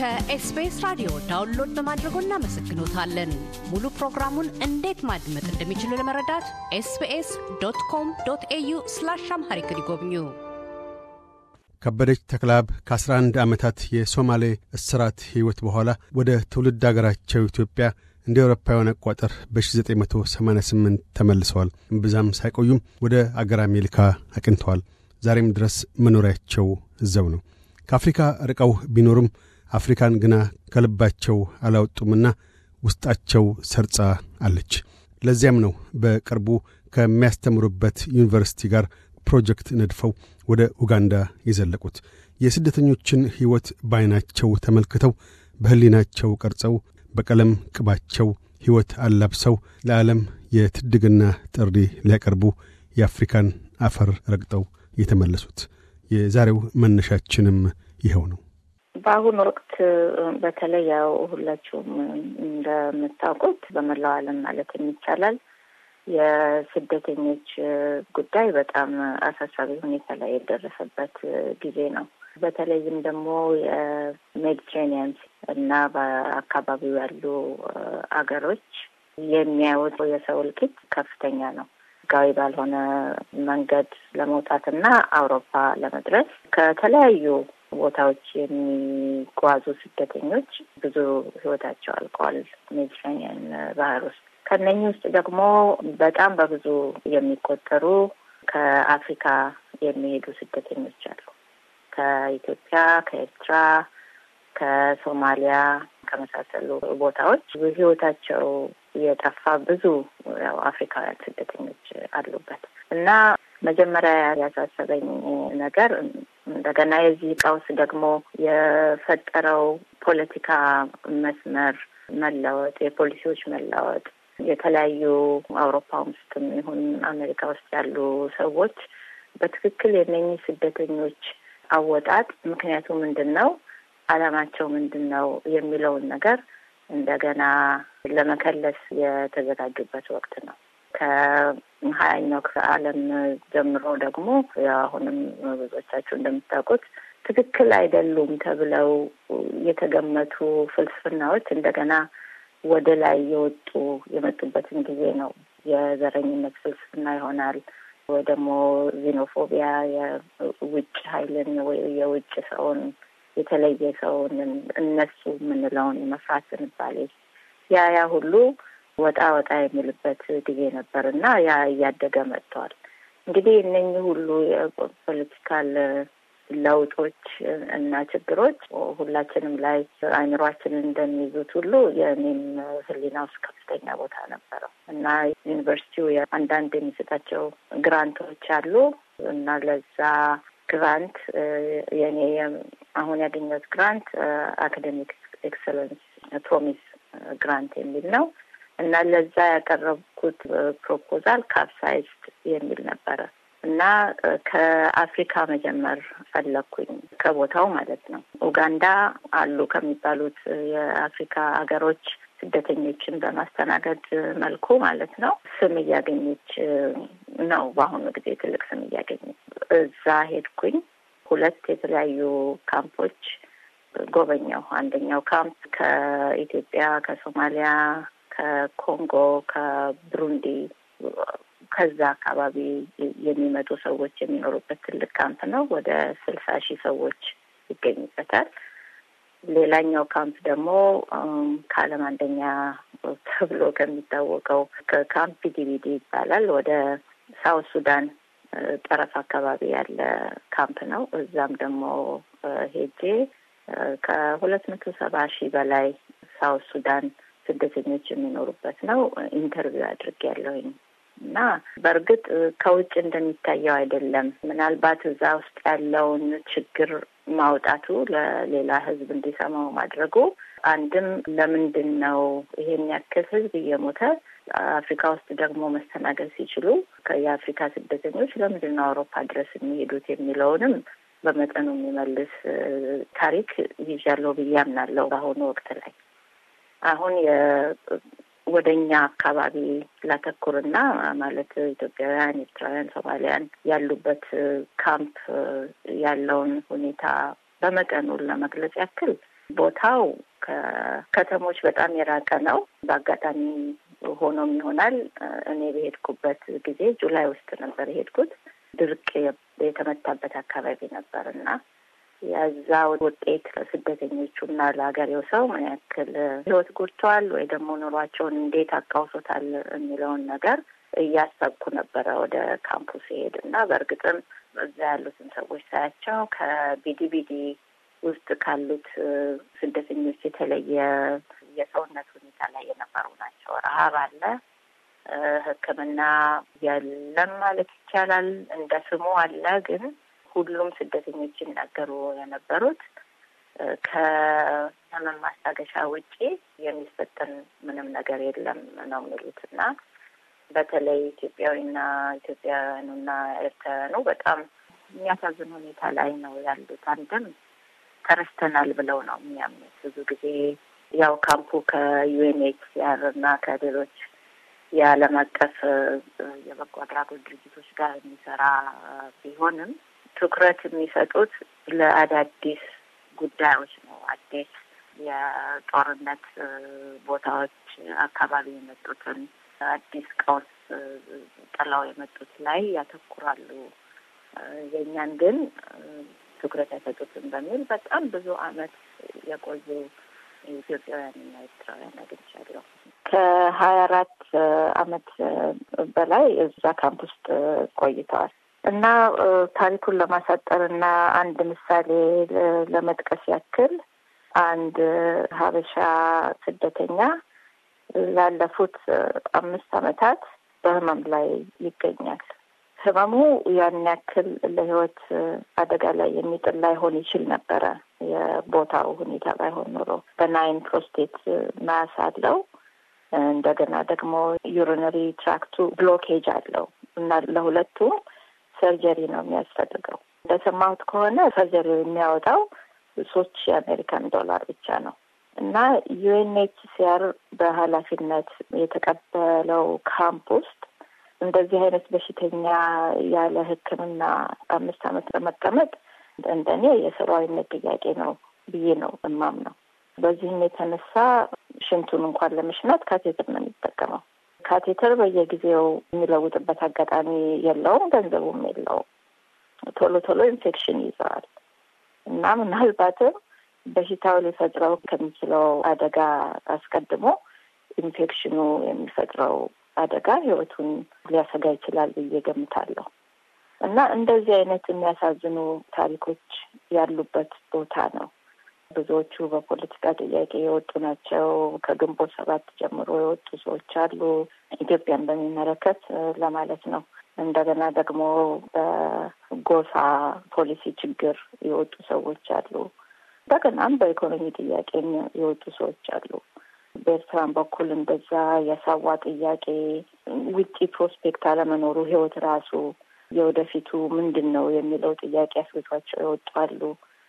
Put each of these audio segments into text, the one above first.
ከኤስቢኤስ ራዲዮ ዳውንሎድ በማድረጎ እናመሰግኖታለን። ሙሉ ፕሮግራሙን እንዴት ማድመጥ እንደሚችሉ ለመረዳት ኤስቢኤስ ዶት ኮም ዶት ኤዩ ስላሽ አምሃሪክ ይጎብኙ። ከበደች ተክላብ ከ11 ዓመታት የሶማሌ እስራት ሕይወት በኋላ ወደ ትውልድ አገራቸው ኢትዮጵያ እንደ አውሮፓውያን አቋጠር በ1988 ተመልሰዋል። እምብዛም ሳይቆዩም ወደ አገር አሜሪካ አቅንተዋል። ዛሬም ድረስ መኖሪያቸው እዘው ነው። ከአፍሪካ ርቀው ቢኖሩም አፍሪካን ግና ከልባቸው አላወጡምና ውስጣቸው ሰርጻ አለች። ለዚያም ነው በቅርቡ ከሚያስተምሩበት ዩኒቨርሲቲ ጋር ፕሮጀክት ነድፈው ወደ ኡጋንዳ የዘለቁት። የስደተኞችን ሕይወት ባይናቸው ተመልክተው በሕሊናቸው ቀርጸው በቀለም ቅባቸው ሕይወት አላብሰው ለዓለም የትድግና ጥሪ ሊያቀርቡ የአፍሪካን አፈር ረግጠው የተመለሱት። የዛሬው መነሻችንም ይኸው ነው። በአሁኑ ወቅት በተለይ ያው ሁላችሁም እንደምታውቁት በመላው ዓለም ማለት ይቻላል የስደተኞች ጉዳይ በጣም አሳሳቢ ሁኔታ ላይ የደረሰበት ጊዜ ነው። በተለይም ደግሞ የሜዲትሬኒያን እና በአካባቢው ያሉ አገሮች የሚያወጡ የሰው እልቂት ከፍተኛ ነው። ህጋዊ ባልሆነ መንገድ ለመውጣትና አውሮፓ ለመድረስ ከተለያዩ ቦታዎች የሚጓዙ ስደተኞች ብዙ ህይወታቸው አልቀዋል ሜዲትራኒያን ባህር ውስጥ። ከነኚህ ውስጥ ደግሞ በጣም በብዙ የሚቆጠሩ ከአፍሪካ የሚሄዱ ስደተኞች አሉ። ከኢትዮጵያ፣ ከኤርትራ፣ ከሶማሊያ ከመሳሰሉ ቦታዎች ህይወታቸው የጠፋ ብዙ ያው አፍሪካውያን ስደተኞች አሉበት እና መጀመሪያ ያሳሰበኝ ነገር እንደገና የዚህ ቀውስ ደግሞ የፈጠረው ፖለቲካ መስመር መለወጥ፣ የፖሊሲዎች መለወጥ የተለያዩ አውሮፓ ውስጥም ይሁን አሜሪካ ውስጥ ያሉ ሰዎች በትክክል የነኚህ ስደተኞች አወጣጥ ምክንያቱ ምንድን ነው፣ አላማቸው ምንድን ነው የሚለውን ነገር እንደገና ለመከለስ የተዘጋጁበት ወቅት ነው። ሀያኛው ክፍለ ዓለም ጀምሮ ደግሞ አሁንም ብዙዎቻችሁ እንደምታውቁት ትክክል አይደሉም ተብለው የተገመቱ ፍልስፍናዎች እንደገና ወደ ላይ የወጡ የመጡበትን ጊዜ ነው። የዘረኝነት ፍልስፍና ይሆናል ወይ ደግሞ ዚኖፎቢያ የውጭ ኃይልን ወይ የውጭ ሰውን የተለየ ሰውን እነሱ የምንለውን የመፍራት ዝንባሌ ያ ያ ሁሉ ወጣ ወጣ የሚልበት ጊዜ ነበር እና ያ እያደገ መጥተዋል። እንግዲህ እነኚህ ሁሉ የፖለቲካል ለውጦች እና ችግሮች ሁላችንም ላይ አይምሯችንን እንደሚይዙት ሁሉ የእኔም ሕሊና ውስጥ ከፍተኛ ቦታ ነበረው እና ዩኒቨርሲቲው አንዳንድ የሚሰጣቸው ግራንቶች አሉ እና ለዛ ግራንት የኔ አሁን ያገኘሁት ግራንት አካደሚክ ኤክሰለንስ ፕሮሚስ ግራንት የሚል ነው። እና ለዛ ያቀረብኩት ፕሮፖዛል ካፕሳይዝድ የሚል ነበረ እና ከአፍሪካ መጀመር ፈለግኩኝ ከቦታው ማለት ነው። ኡጋንዳ አሉ ከሚባሉት የአፍሪካ ሀገሮች ስደተኞችን በማስተናገድ መልኩ ማለት ነው ስም እያገኘች ነው። በአሁኑ ጊዜ ትልቅ ስም እያገኘች እዛ ሄድኩኝ። ሁለት የተለያዩ ካምፖች ጎበኘው። አንደኛው ካምፕ ከኢትዮጵያ ከሶማሊያ ከኮንጎ፣ ከብሩንዲ ከዛ አካባቢ የሚመጡ ሰዎች የሚኖሩበት ትልቅ ካምፕ ነው። ወደ ስልሳ ሺህ ሰዎች ይገኙበታል። ሌላኛው ካምፕ ደግሞ ከዓለም አንደኛ ተብሎ ከሚታወቀው ከካምፕ ዲቪዲ ይባላል። ወደ ሳውት ሱዳን ጠረፍ አካባቢ ያለ ካምፕ ነው። እዛም ደግሞ ሄጄ ከሁለት መቶ ሰባ ሺህ በላይ ሳውት ሱዳን ስደተኞች የሚኖሩበት ነው። ኢንተርቪው አድርጌያለሁኝ እና በእርግጥ ከውጭ እንደሚታየው አይደለም። ምናልባት እዛ ውስጥ ያለውን ችግር ማውጣቱ ለሌላ ሕዝብ እንዲሰማው ማድረጉ አንድም ለምንድን ነው ይሄን ያክል ሕዝብ እየሞተ አፍሪካ ውስጥ ደግሞ መስተናገድ ሲችሉ የአፍሪካ ስደተኞች ለምንድን ነው አውሮፓ ድረስ የሚሄዱት የሚለውንም በመጠኑ የሚመልስ ታሪክ ይዣለሁ ብዬ አምናለሁ በአሁኑ ወቅት ላይ አሁን ወደ እኛ አካባቢ ላተኩርና ማለት ኢትዮጵያውያን፣ ኤርትራውያን፣ ሶማሊያን ያሉበት ካምፕ ያለውን ሁኔታ በመጠኑ ለመግለጽ ያክል ቦታው ከከተሞች በጣም የራቀ ነው። በአጋጣሚ ሆኖም ይሆናል እኔ በሄድኩበት ጊዜ ጁላይ ውስጥ ነበር የሄድኩት። ድርቅ የተመታበት አካባቢ ነበር እና የዛ ውጤት ና ለሀገሬው ሰው ምን ያክል ህይወት ጎድተዋል ወይ ደግሞ ኑሯቸውን እንዴት አቃውሶታል የሚለውን ነገር እያሰብኩ ነበረ ወደ ካምፑ ሲሄድ እና በእርግጥም እዛ ያሉትን ሰዎች ሳያቸው ከቢዲቢዲ ውስጥ ካሉት ስደተኞች የተለየ የሰውነት ሁኔታ ላይ የነበሩ ናቸው። ረሀብ አለ፣ ሕክምና የለም ማለት ይቻላል። እንደ ስሙ አለ ግን ሁሉም ስደተኞች ይናገሩ የነበሩት ከህመም ማስታገሻ ውጪ የሚሰጠን ምንም ነገር የለም ነው የሚሉት እና በተለይ ኢትዮጵያዊና ኢትዮጵያውያኑና ኤርትራውያኑ በጣም የሚያሳዝን ሁኔታ ላይ ነው ያሉት። አንድም ተረስተናል ብለው ነው የሚያምኑት። ብዙ ጊዜ ያው ካምፑ ከዩኤንኤችሲአር እና ከሌሎች የዓለም አቀፍ የበጎ አድራጎት ድርጅቶች ጋር የሚሰራ ቢሆንም ትኩረት የሚሰጡት ለአዳዲስ ጉዳዮች ነው። አዲስ የጦርነት ቦታዎች አካባቢ የመጡትን አዲስ ቀውስ ጥለው የመጡት ላይ ያተኩራሉ። የእኛን ግን ትኩረት አይሰጡትም በሚል በጣም ብዙ አመት የቆዩ ና ኤርትራውያን አግኝቻለሁ። ከሀያ አራት አመት በላይ እዛ ካምፕ ውስጥ ቆይተዋል። እና ታሪኩን ለማሳጠር እና አንድ ምሳሌ ለመጥቀስ ያክል አንድ ሀበሻ ስደተኛ ላለፉት አምስት ዓመታት በህመም ላይ ይገኛል። ህመሙ ያን ያክል ለህይወት አደጋ ላይ የሚጥል ላይሆን ይችል ነበረ። የቦታው ሁኔታ ባይሆን ኖሮ በናይን ፕሮስቴት ማያስ አለው። እንደገና ደግሞ ዩሪነሪ ትራክቱ ብሎኬጅ አለው እና ለሁለቱም ሰርጀሪ ነው የሚያስፈልገው። እንደሰማሁት ከሆነ ሰርጀሪ የሚያወጣው ሶስት ሺህ አሜሪካን ዶላር ብቻ ነው እና ዩኤንኤችሲአር በኃላፊነት የተቀበለው ካምፕ ውስጥ እንደዚህ አይነት በሽተኛ ያለ ሕክምና አምስት ዓመት ለመቀመጥ እንደኔ የሰብአዊነት ጥያቄ ነው ብዬ ነው እማም ነው። በዚህም የተነሳ ሽንቱን እንኳን ለመሽናት ካቴትር ነው የሚጠቀመው። ካቴተር በየጊዜው የሚለውጥበት አጋጣሚ የለውም፣ ገንዘቡም የለውም። ቶሎ ቶሎ ኢንፌክሽን ይዘዋል እና ምናልባትም በሽታው ሊፈጥረው ከሚችለው አደጋ አስቀድሞ ኢንፌክሽኑ የሚፈጥረው አደጋ ህይወቱን ሊያሰጋ ይችላል ብዬ ገምታለሁ። እና እንደዚህ አይነት የሚያሳዝኑ ታሪኮች ያሉበት ቦታ ነው። ብዙዎቹ በፖለቲካ ጥያቄ የወጡ ናቸው። ከግንቦት ሰባት ጀምሮ የወጡ ሰዎች አሉ። ኢትዮጵያን በሚመለከት ለማለት ነው። እንደገና ደግሞ በጎሳ ፖሊሲ ችግር የወጡ ሰዎች አሉ። እንደገናም በኢኮኖሚ ጥያቄ የወጡ ሰዎች አሉ። በኤርትራን በኩል እንደዛ የሳዋ ጥያቄ ውጪ ፕሮስፔክት አለመኖሩ ህይወት ራሱ የወደፊቱ ምንድን ነው የሚለው ጥያቄ አስገቷቸው የወጡ አሉ።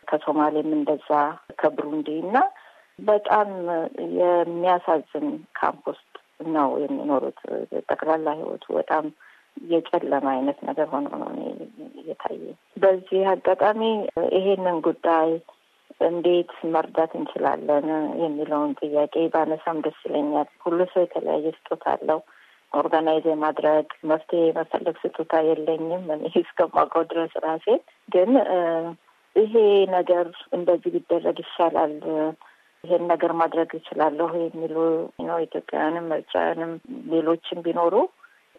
ከሶማሌም እንደዛ ከብሩንዲ እና በጣም የሚያሳዝን ካምፕ ውስጥ ነው የሚኖሩት። ጠቅላላ ህይወቱ በጣም የጨለማ አይነት ነገር ሆኖ ነው እየታየ። በዚህ አጋጣሚ ይሄንን ጉዳይ እንዴት መርዳት እንችላለን የሚለውን ጥያቄ ባነሳም ደስ ይለኛል። ሁሉ ሰው የተለያየ ስጦታ አለው። ኦርጋናይዝ የማድረግ መፍትሄ የመፈለግ ስጦታ የለኝም እኔ እስከማውቀው ድረስ ራሴ ግን ይሄ ነገር እንደዚህ ቢደረግ ይሻላል፣ ይሄን ነገር ማድረግ እችላለሁ የሚሉ ነው። ኢትዮጵያውያንም ምርጫንም ሌሎችም ቢኖሩ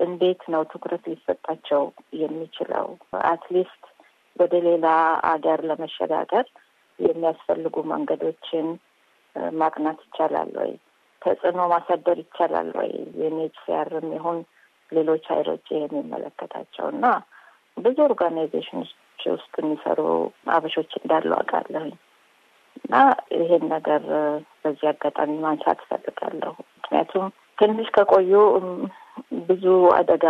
እንዴት ነው ትኩረት ሊሰጣቸው የሚችለው? አትሊስት ወደ ሌላ አገር ለመሸጋገር የሚያስፈልጉ መንገዶችን ማቅናት ይቻላል ወይ? ተጽዕኖ ማሳደር ይቻላል ወይ? የኔችሲያርም ይሁን ሌሎች ሀይሎች ይህን የሚመለከታቸው እና ብዙ ኦርጋናይዜሽን ውስጥ ዩኒቨርሲቲ ውስጥ የሚሰሩ አበሾች እንዳሉ አውቃለሁኝ እና ይሄን ነገር በዚህ አጋጣሚ ማንሳት እፈልጋለሁ። ምክንያቱም ትንሽ ከቆዩ ብዙ አደጋ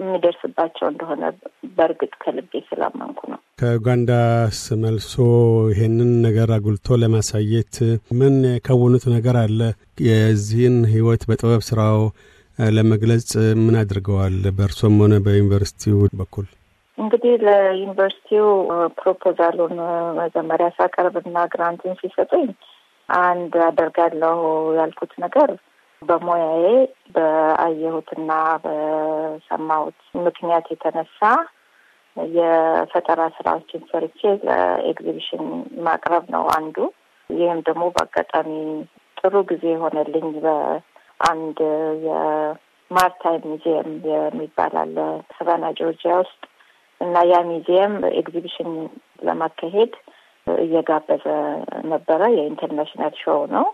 የሚደርስባቸው እንደሆነ በእርግጥ ከልቤ ስላመንኩ ነው። ከኡጋንዳ ስመልሶ ይሄንን ነገር አጉልቶ ለማሳየት ምን የከውኑት ነገር አለ? የዚህን ህይወት በጥበብ ስራው ለመግለጽ ምን አድርገዋል? በእርሶም ሆነ በዩኒቨርሲቲው በኩል እንግዲህ ለዩኒቨርሲቲው ፕሮፖዛሉን መጀመሪያ ሳቀርብና ግራንቱን ሲሰጡኝ አንድ አደርጋለሁ ያልኩት ነገር በሙያዬ በአየሁትና በሰማሁት ምክንያት የተነሳ የፈጠራ ስራዎችን ሰርቼ ለኤግዚቢሽን ማቅረብ ነው አንዱ። ይህም ደግሞ በአጋጣሚ ጥሩ ጊዜ የሆነልኝ በአንድ የማርታይም ሙዚየም የሚባል አለ ሰቫና ጆርጂያ ውስጥ እና ያ ሚዚየም ኤግዚቢሽን ለማካሄድ እየጋበዘ ነበረ። የኢንተርናሽናል ሾው ነው።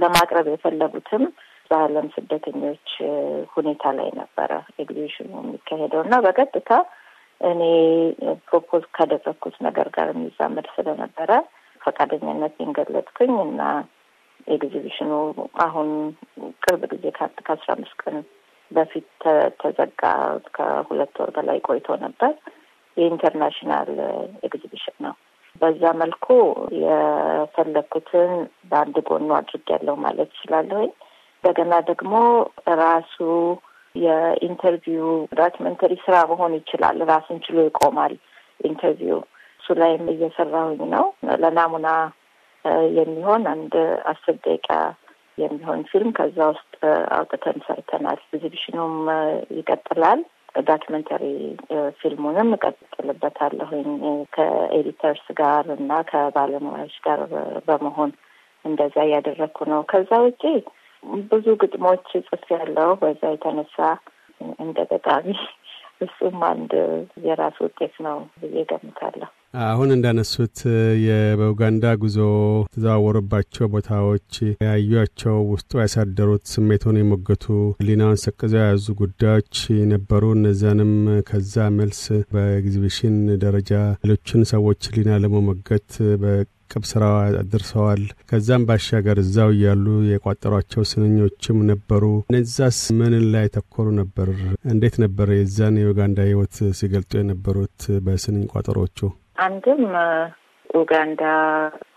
ለማቅረብ የፈለጉትም በዓለም ስደተኞች ሁኔታ ላይ ነበረ ኤግዚቢሽኑ የሚካሄደው እና በቀጥታ እኔ ፕሮፖዝ ካደረግኩት ነገር ጋር የሚዛመድ ስለነበረ ፈቃደኛነት ገለጥኩኝ እና ኤግዚቢሽኑ አሁን ቅርብ ጊዜ ከአስራ አምስት ቀን በፊት ተዘጋ። ከሁለት ወር በላይ ቆይቶ ነበር። የኢንተርናሽናል ኤግዚቢሽን ነው። በዛ መልኩ የፈለግኩትን በአንድ ጎኑ ያለው ማለት እችላለሁኝ። እንደገና ደግሞ ራሱ የኢንተርቪው ዶክመንተሪ ስራ መሆን ይችላል። ራሱን ችሎ ይቆማል ኢንተርቪው። እሱ ላይም እየሰራሁኝ ነው። ለናሙና የሚሆን አንድ አስር ደቂቃ የሚሆን ፊልም ከዛ ውስጥ አውጥተን ሰርተናል። ኤግዚቢሽኑም ይቀጥላል። ዳኪመንተሪ ፊልሙንም እቀጥልበታለሁኝ ከኤዲተርስ ጋር እና ከባለሙያዎች ጋር በመሆን እንደዛ እያደረግኩ ነው። ከዛ ውጪ ብዙ ግጥሞች ጽፌያለሁ። በዛ የተነሳ እንደ ገጣሚ እሱም አንድ የራሱ ውጤት ነው ብዬ ገምታለሁ። አሁን እንዳነሱት የበኡጋንዳ ጉዞ ተዘዋወሩባቸው ቦታዎች ያዩቸው ውስጡ ያሳደሩት ስሜቶን የሞገቱ ሊናውን ሰቅዘው የያዙ ጉዳዮች ነበሩ። እነዚያንም ከዛ መልስ በኤግዚቢሽን ደረጃ ሌሎችን ሰዎች ሊና ለመሞገት የማስለቀብ ስራ አድርሰዋል። ከዛም ባሻገር እዛው እያሉ የቋጠሯቸው ስንኞችም ነበሩ። እነዛስ ምን ላይ ተኮሩ ነበር? እንዴት ነበር የዛን የኡጋንዳ ህይወት ሲገልጡ የነበሩት በስንኝ ቋጠሮቹ? አንድም ኡጋንዳ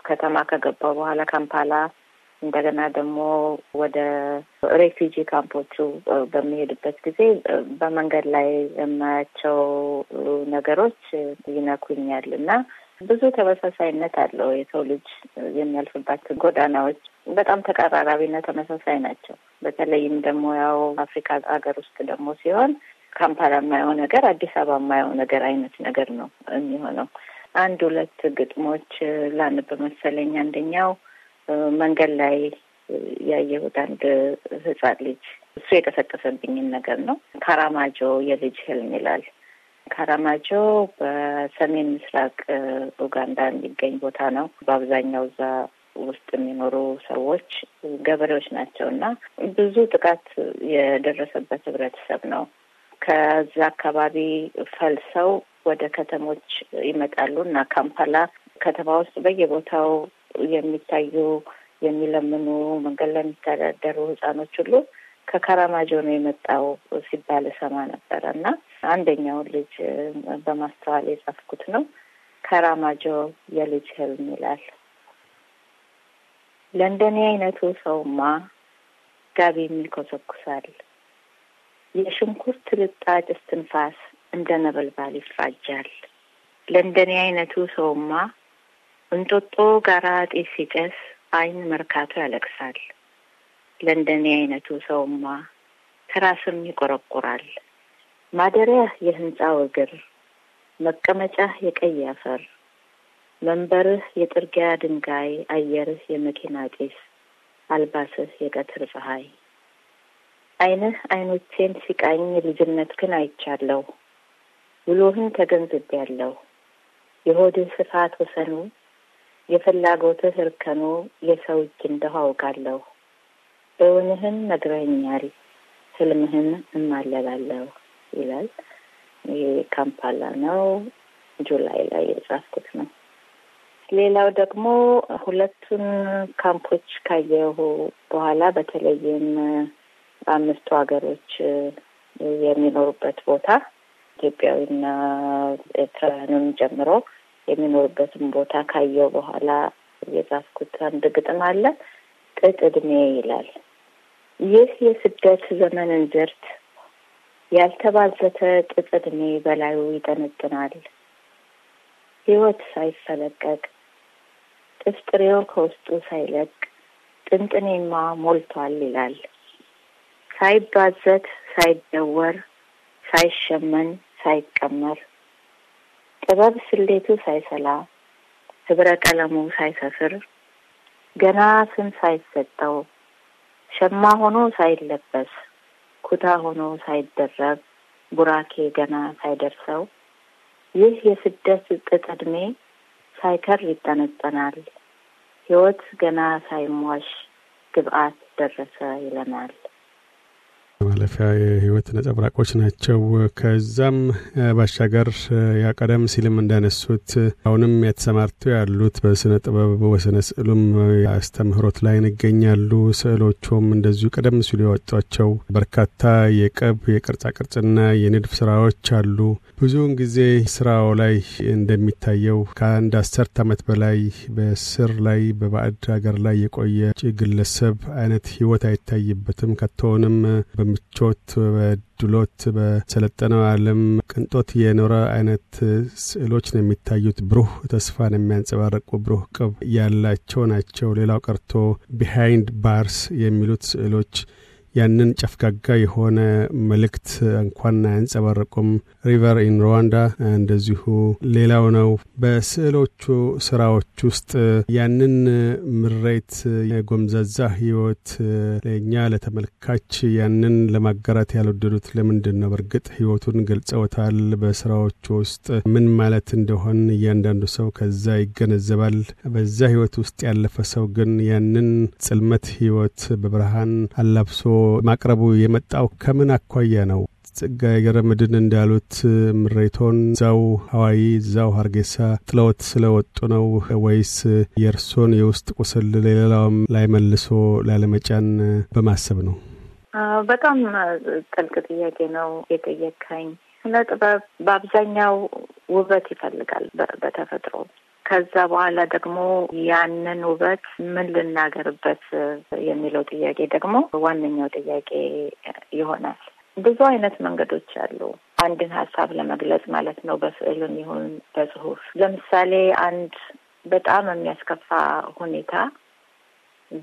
ከተማ ከገባ በኋላ ካምፓላ፣ እንደገና ደግሞ ወደ ሬፊጂ ካምፖቹ በሚሄድበት ጊዜ በመንገድ ላይ የማያቸው ነገሮች ይነኩኛል እና ብዙ ተመሳሳይነት አለው። የሰው ልጅ የሚያልፍባቸው ጎዳናዎች በጣም ተቀራራቢና ተመሳሳይ ናቸው። በተለይም ደግሞ ያው አፍሪካ ሀገር ውስጥ ደግሞ ሲሆን ካምፓላ የማየው ነገር አዲስ አበባ የማየው ነገር አይነት ነገር ነው የሚሆነው። አንድ ሁለት ግጥሞች ላንብ መሰለኝ። አንደኛው መንገድ ላይ ያየሁት አንድ ህጻን ልጅ እሱ የቀሰቀሰብኝን ነገር ነው። ካራማጆ የልጅ ህልም ይላል ካራማጆ በሰሜን ምስራቅ ኡጋንዳ የሚገኝ ቦታ ነው። በአብዛኛው እዛ ውስጥ የሚኖሩ ሰዎች ገበሬዎች ናቸው እና ብዙ ጥቃት የደረሰበት ህብረተሰብ ነው። ከዛ አካባቢ ፈልሰው ወደ ከተሞች ይመጣሉ እና ካምፓላ ከተማ ውስጥ በየቦታው የሚታዩ የሚለምኑ መንገድ ለሚተዳደሩ የሚተዳደሩ ህጻኖች ሁሉ ከካራማጆ ነው የመጣው ሲባል እሰማ ነበረ እና አንደኛውን ልጅ በማስተዋል የጻፍኩት ነው። ከራማጆ የልጅ ህልም ይላል። ለእንደኔ አይነቱ ሰውማ ጋቢም ይኮሰኩሳል። የሽንኩርት ልጣጭ እስትንፋስ እንደ ነበልባል ይፋጃል። ለእንደኔ አይነቱ ሰውማ እንጦጦ ጋራ ጤስ ሲጨስ አይን መርካቶ ያለቅሳል። ለእንደኔ አይነቱ ሰውማ ከራስም ይቆረቁራል። ማደሪያህ የህንፃው እግር፣ መቀመጫህ የቀይ አፈር፣ መንበርህ የጥርጊያ ድንጋይ፣ አየርህ የመኪና ጢስ፣ አልባስህ የቀትር ፀሐይ። አይንህ አይኖቼን ሲቃኝ ልጅነት ግን አይቻለሁ፣ ውሎህን ተገንዝቤያለሁ። የሆድህ ስፋት ወሰኑ፣ የፍላጎትህ እርከኑ የሰው እጅ እንደሁ አውቃለሁ። እውነህን ነግረኛል፣ ህልምህን እማለላለሁ ይላል። ይሄ ካምፓላ ነው፣ ጁላይ ላይ የጻፍኩት ነው። ሌላው ደግሞ ሁለቱን ካምፖች ካየሁ በኋላ በተለይም በአምስቱ ሀገሮች የሚኖሩበት ቦታ ኢትዮጵያዊና ኤርትራውያንን ጨምሮ የሚኖሩበትን ቦታ ካየው በኋላ የጻፍኩት አንድ ግጥም አለ። ቅጥ እድሜ ይላል። ይህ የስደት ዘመንን ዝርት ያልተባዘተ ጥጥ ዕድሜ በላዩ ይጠነጥናል። ሕይወት ሳይፈለቀቅ ጥፍጥሬው ከውስጡ ሳይለቅ ጥንጥኔማ ሞልቷል ይላል። ሳይባዘት፣ ሳይደወር፣ ሳይሸመን፣ ሳይቀመር ጥበብ ስሌቱ ሳይሰላ ህብረ ቀለሙ ሳይሰፍር ገና ስም ሳይሰጠው ሸማ ሆኖ ሳይለበስ ኩታ ሆኖ ሳይደረብ ቡራኬ ገና ሳይደርሰው ይህ የስደት ጥጥ ዕድሜ ሳይከር ይጠነጠናል። ሕይወት ገና ሳይሟሽ ግብአት ደረሰ ይለናል። ማለፊያ የህይወት ነጸብራቆች ናቸው። ከዛም ባሻገር ያ ቀደም ሲልም እንዳነሱት አሁንም የተሰማርተው ያሉት በስነ ጥበብ በስነ ስዕሉም አስተምህሮት ላይ እንገኛሉ። ስዕሎቹም እንደዚሁ ቀደም ሲሉ ያወጧቸው በርካታ የቅብ የቅርጻቅርጽና የንድፍ ስራዎች አሉ። ብዙውን ጊዜ ስራው ላይ እንደሚታየው ከአንድ አስርት ዓመት በላይ በስር ላይ በባዕድ ሀገር ላይ የቆየ ግለሰብ አይነት ህይወት አይታይበትም። ከቶሆንም በምቹ በምቾት በድሎት በሰለጠነው ዓለም ቅንጦት የኖረ አይነት ስዕሎች ነው የሚታዩት። ብሩህ ተስፋን የሚያንጸባረቁ ብሩህ ቅብ ያላቸው ናቸው። ሌላው ቀርቶ ቢሃይንድ ባርስ የሚሉት ስዕሎች ያንን ጨፍጋጋ የሆነ መልእክት እንኳን አያንጸባረቁም። ሪቨር ኢን ሩዋንዳ እንደዚሁ ሌላው ነው። በስዕሎቹ ስራዎች ውስጥ ያንን ምሬት፣ የጎምዛዛ ህይወት ለእኛ ለተመልካች ያንን ለማጋራት ያልወደዱት ለምንድን ነው? በእርግጥ ህይወቱን ገልጸውታል በስራዎቹ ውስጥ ምን ማለት እንደሆን እያንዳንዱ ሰው ከዛ ይገነዘባል። በዛ ህይወት ውስጥ ያለፈ ሰው ግን ያንን ጽልመት ህይወት በብርሃን አላብሶ ማቅረቡ የመጣው ከምን አኳያ ነው? ጸጋዬ ገብረመድህን እንዳሉት ምሬቶን እዛው ሀዋይ እዛው ሀርጌሳ ጥለውት ስለወጡ ነው ወይስ የእርሶን የውስጥ ቁስል ሌላውም ላይ መልሶ ላለመጫን በማሰብ ነው? በጣም ጥልቅ ጥያቄ ነው የጠየካኝ። ስነ ጥበብ በአብዛኛው ውበት ይፈልጋል በተፈጥሮ ከዛ በኋላ ደግሞ ያንን ውበት ምን ልናገርበት የሚለው ጥያቄ ደግሞ ዋነኛው ጥያቄ ይሆናል። ብዙ አይነት መንገዶች አሉ አንድን ሀሳብ ለመግለጽ ማለት ነው፣ በስዕልም ይሁን በጽሁፍ። ለምሳሌ አንድ በጣም የሚያስከፋ ሁኔታ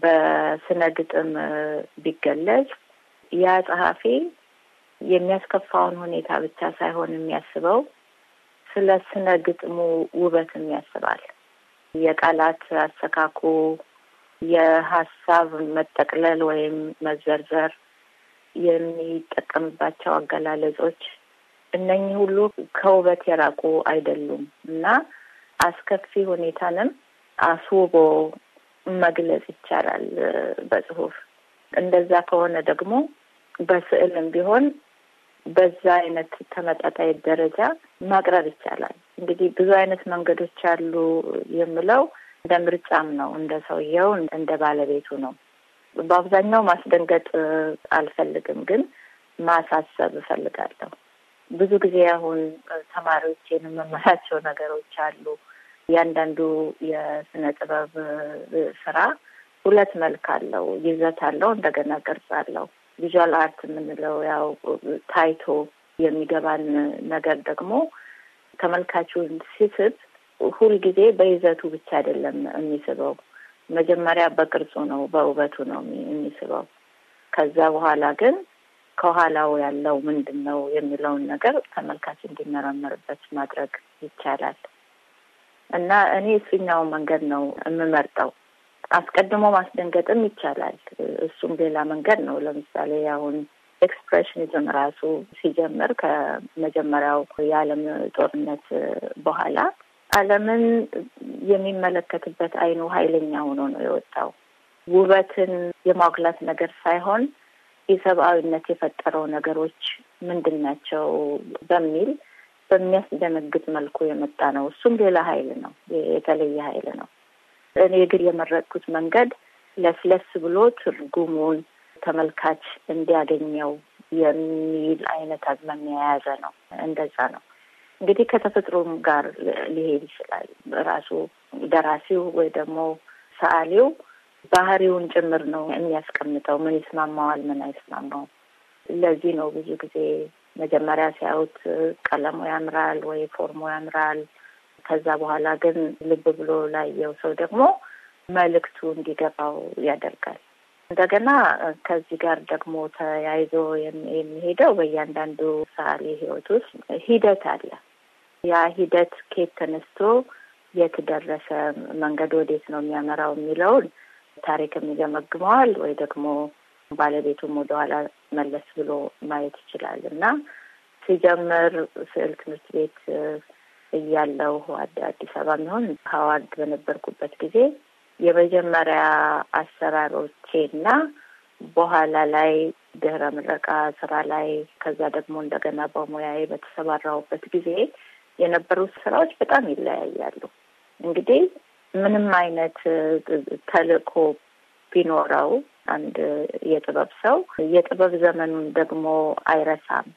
በስነ ግጥም ቢገለጽ ያ ጸሐፊ የሚያስከፋውን ሁኔታ ብቻ ሳይሆን የሚያስበው ስለ ስነ ግጥሙ ውበትም ያስባል። የቃላት አሰካኩ፣ የሀሳብ መጠቅለል ወይም መዘርዘር፣ የሚጠቀምባቸው አገላለጾች እነኚህ ሁሉ ከውበት የራቁ አይደሉም እና አስከፊ ሁኔታንም አስውቦ መግለጽ ይቻላል በጽሁፍ። እንደዛ ከሆነ ደግሞ በስዕልም ቢሆን በዛ አይነት ተመጣጣይ ደረጃ ማቅረብ ይቻላል። እንግዲህ ብዙ አይነት መንገዶች አሉ የምለው እንደ ምርጫም ነው፣ እንደ ሰውየው፣ እንደ ባለቤቱ ነው። በአብዛኛው ማስደንገጥ አልፈልግም፣ ግን ማሳሰብ እፈልጋለሁ። ብዙ ጊዜ አሁን ተማሪዎች የምመላቸው ነገሮች አሉ። እያንዳንዱ የስነ ጥበብ ስራ ሁለት መልክ አለው፣ ይዘት አለው፣ እንደገና ቅርጽ አለው። ቪዥዋል አርት የምንለው ያው ታይቶ የሚገባን ነገር ደግሞ ተመልካቹን ሲስብ ሁልጊዜ በይዘቱ ብቻ አይደለም የሚስበው። መጀመሪያ በቅርጹ ነው፣ በውበቱ ነው የሚስበው። ከዛ በኋላ ግን ከኋላው ያለው ምንድን ነው የሚለውን ነገር ተመልካች እንዲመረመርበት ማድረግ ይቻላል እና እኔ እሱኛው መንገድ ነው የምመርጠው። አስቀድሞ ማስደንገጥም ይቻላል። እሱም ሌላ መንገድ ነው። ለምሳሌ አሁን ኤክስፕሬሽኒዝም ራሱ ሲጀምር ከመጀመሪያው የዓለም ጦርነት በኋላ ዓለምን የሚመለከትበት አይኑ ኃይለኛ ሆኖ ነው የወጣው። ውበትን የማጉላት ነገር ሳይሆን የሰብአዊነት የፈጠረው ነገሮች ምንድን ናቸው በሚል በሚያስደነግጥ መልኩ የመጣ ነው። እሱም ሌላ ኃይል ነው፣ የተለየ ኃይል ነው። እኔ ግን የመረጥኩት መንገድ ለስለስ ብሎ ትርጉሙን ተመልካች እንዲያገኘው የሚል አይነት አዝማሚያ የያዘ ነው። እንደዛ ነው እንግዲህ ከተፈጥሮም ጋር ሊሄድ ይችላል። ራሱ ደራሲው ወይ ደግሞ ሰዓሊው ባህሪውን ጭምር ነው የሚያስቀምጠው። ምን ይስማማዋል፣ ምን አይስማማውም። ለዚህ ነው ብዙ ጊዜ መጀመሪያ ሲያዩት ቀለሙ ያምራል ወይ ፎርሙ ያምራል ከዛ በኋላ ግን ልብ ብሎ ላየው ሰው ደግሞ መልእክቱ እንዲገባው ያደርጋል። እንደገና ከዚህ ጋር ደግሞ ተያይዞ የሚሄደው በእያንዳንዱ ሰዓሊ ህይወት ውስጥ ሂደት አለ። ያ ሂደት ከየት ተነስቶ የት ደረሰ፣ መንገድ ወዴት ነው የሚያመራው የሚለውን ታሪክም ይገመግመዋል ወይ ደግሞ ባለቤቱም ወደኋላ መለስ ብሎ ማየት ይችላል እና ሲጀምር ስዕል ትምህርት ቤት እያለሁ አዲስ አበባ የሚሆን ሀዋግ በነበርኩበት ጊዜ የመጀመሪያ አሰራሮቼና በኋላ ላይ ድህረ ምረቃ ስራ ላይ ከዛ ደግሞ እንደገና በሙያዬ በተሰባራውበት ጊዜ የነበሩት ስራዎች በጣም ይለያያሉ። እንግዲህ ምንም አይነት ተልእኮ ቢኖረው አንድ የጥበብ ሰው የጥበብ ዘመኑን ደግሞ አይረሳም።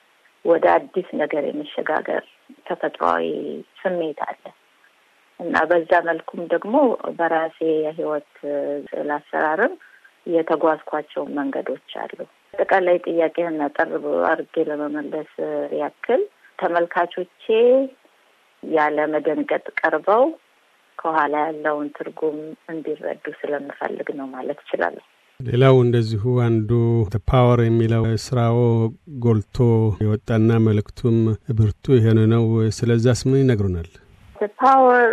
ወደ አዲስ ነገር የመሸጋገር ተፈጥሯዊ ስሜት አለ እና በዛ መልኩም ደግሞ በራሴ የህይወት ስዕል አሰራርም የተጓዝኳቸው መንገዶች አሉ። አጠቃላይ ጥያቄህን አጠር አድርጌ ለመመለስ ያክል ተመልካቾቼ ያለ መደንገጥ ቀርበው ከኋላ ያለውን ትርጉም እንዲረዱ ስለምፈልግ ነው ማለት እችላለሁ። ሌላው እንደዚሁ አንዱ ፓወር የሚለው ስራዎ ጎልቶ የወጣና መልእክቱም ብርቱ የሆነ ነው። ስለዛስ ምን ይነግሩናል? ፓወር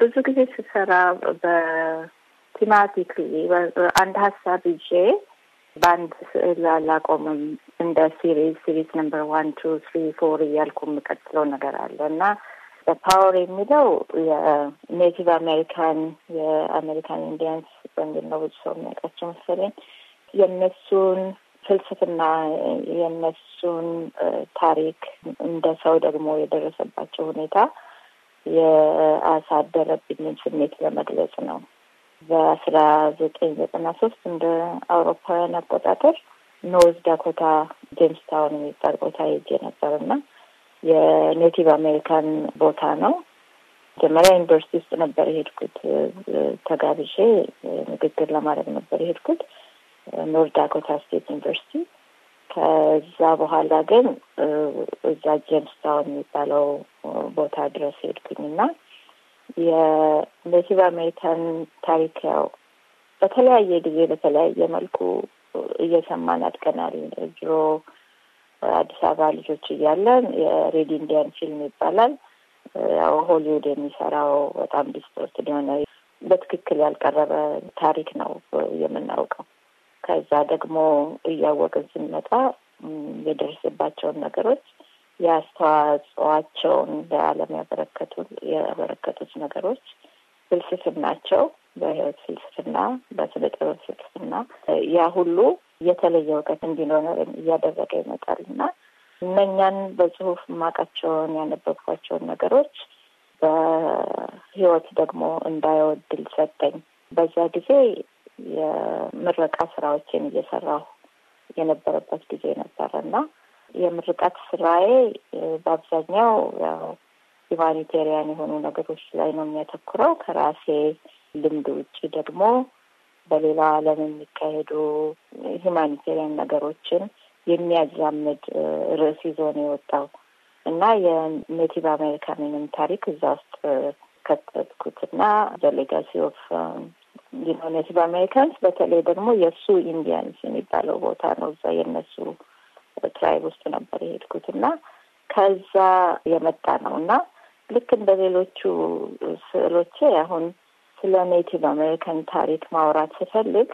ብዙ ጊዜ ስሰራ በቲማቲክ አንድ ሀሳብ ይዤ በአንድ ስዕል አላቆምም። እንደ ሲሪዝ ሲሪዝ ነምበር ዋን ቱ ስሪ ፎር እያልኩ የምቀጥለው ነገር አለ እና ፓወር የሚለው የኔቲቭ አሜሪካን የአሜሪካን ኢንዲያንስ በሚል ነው ብዙ ሰው የሚያውቃቸው መሰለኝ። የእነሱን ፍልስፍና የእነሱን ታሪክ እንደ ሰው ደግሞ የደረሰባቸው ሁኔታ የአሳደረብኝን ስሜት ለመግለጽ ነው። በአስራ ዘጠኝ ዘጠና ሶስት እንደ አውሮፓውያን አቆጣጠር ኖርዝ ዳኮታ ጄምስ ታውን የሚባል ቦታ ሄጄ ነበር እና የኔቲቭ አሜሪካን ቦታ ነው። መጀመሪያ ዩኒቨርሲቲ ውስጥ ነበር የሄድኩት። ተጋብዤ ንግግር ለማድረግ ነበር የሄድኩት ኖርት ዳኮታ ስቴት ዩኒቨርሲቲ። ከዛ በኋላ ግን እዛ ጄምስታውን የሚባለው ቦታ ድረስ ሄድኩኝ እና የኔቲቭ አሜሪካን ታሪክ ያው በተለያየ ጊዜ በተለያየ መልኩ እየሰማን አድገናል። ድሮ አዲስ አበባ ልጆች እያለን የሬድ ኢንዲያን ፊልም ይባላል። ያው ሆሊውድ የሚሰራው በጣም ዲስቶርትድ የሆነ በትክክል ያልቀረበ ታሪክ ነው የምናውቀው። ከዛ ደግሞ እያወቅን ስንመጣ የደረሰባቸውን ነገሮች የአስተዋጽኦአቸውን ለዓለም ያበረከቱ ያበረከቱት ነገሮች ፍልስፍናቸው፣ በህይወት ፍልስፍና፣ በስነ ጥበብ ፍልስፍና ያ ሁሉ የተለየ እውቀት እንዲኖረ እያደረገ ይመጣል እና እነኛን በጽሁፍ ማቃቸውን ያነበብኳቸውን ነገሮች በህይወት ደግሞ እንዳይወድል ሰጠኝ። በዛ ጊዜ የምረቃ ስራዎችን እየሰራሁ የነበረበት ጊዜ ነበረ እና የምርቃት ስራዬ በአብዛኛው ያው ሂማኒቴሪያን የሆኑ ነገሮች ላይ ነው የሚያተኩረው። ከራሴ ልምድ ውጭ ደግሞ በሌላ ዓለም የሚካሄዱ ሂማኒቴሪያን ነገሮችን የሚያዛምድ ርዕስ ይዞ ነው የወጣው እና የኔቲቭ አሜሪካንንም ታሪክ እዛ ውስጥ ከተትኩት እና ዘሌጋሲ ኦፍ ኔቲቭ አሜሪካንስ በተለይ ደግሞ የእሱ ኢንዲያንስ የሚባለው ቦታ ነው። እዛ የእነሱ ትራይብ ውስጥ ነበር የሄድኩት እና ከዛ የመጣ ነው እና ልክ እንደ ሌሎቹ ስዕሎቼ አሁን ስለ ኔቲቭ አሜሪካን ታሪክ ማውራት ስፈልግ